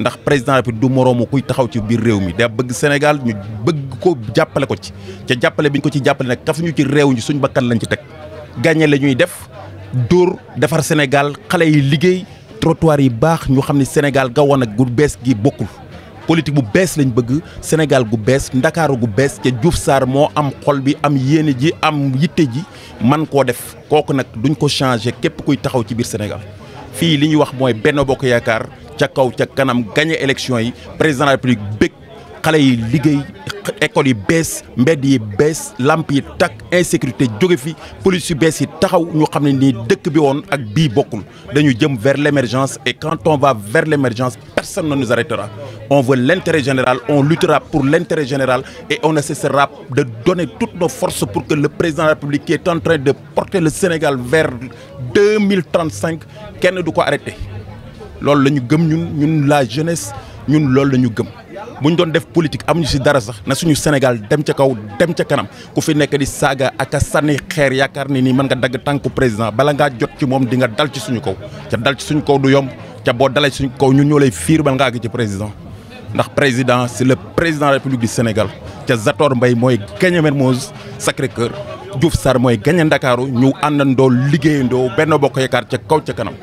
ndax président République du moroomu kuy taxaw ci biir réew mi da bëgg Sénégal ñu bëgg ko jàppale ko ci ca jàppale bi ñu ko ci jàppale nag kafuñu ci réew ñu suñ bakkan lañu ci teg gàññe la ñuy def dóor defar Sénégal xale yi liggéey trottoir yi baax ñu xam ne Sénégal ga woon ak gu bees gi bokkul politique bu bees lañ bëgg Sénégal gu bees Ndakaaru gu bees ca Diouf saar moo am xol bi am yéene ji am yitte ji man koo def kooku nag duñ ko changé képp kuy taxaw ci biir Sénégal fii li ñuy wax mooy Benno Bokk Yaakaar ca kaw kanam gagné élection président de la république bëgg xalé yi liguey école yi baisse mbedd yi baisse yi insécurité jóge fi police baisse. bees yi taxaw ñu xamné ni dëkk bi won ak bi dañu jëm vers l'émergence et quand on va vers l'émergence personne ne nous arrêtera on veut l'intérêt général on luttera pour l'intérêt général et on ne cessera de donner toutes nos forces pour que le président de la République qui est en train de porter le Sénégal vers 2035 kenn du ko arrêter. loolu la ñu gëm ñun ñun la jeunesse ñun loolu la ñu gëm bu ñu doon def politique ñu si dara sax na suñu Sénégal dem ca kaw dem ca kanam ku fi nekk di saaga ak a sànni xeer yaakaar ni nii mën nga dagg tànku président bala ngaa jot ci moom dinga dal ci suñu kaw ca dal ci suñu kaw du yomb ca boo dalee suñu kaw ñun ñoo lay fiir bala ngaa àgg ci président ndax président si le président de la République du Sénégal ca Zator mbay mooy gagné Mermoz Sacré-Cœur Diouf Sarr mooy gagné Ndakaaru ñu àndandoo liggéeyandoo benn bokk yaakaar ca kaw ca kanam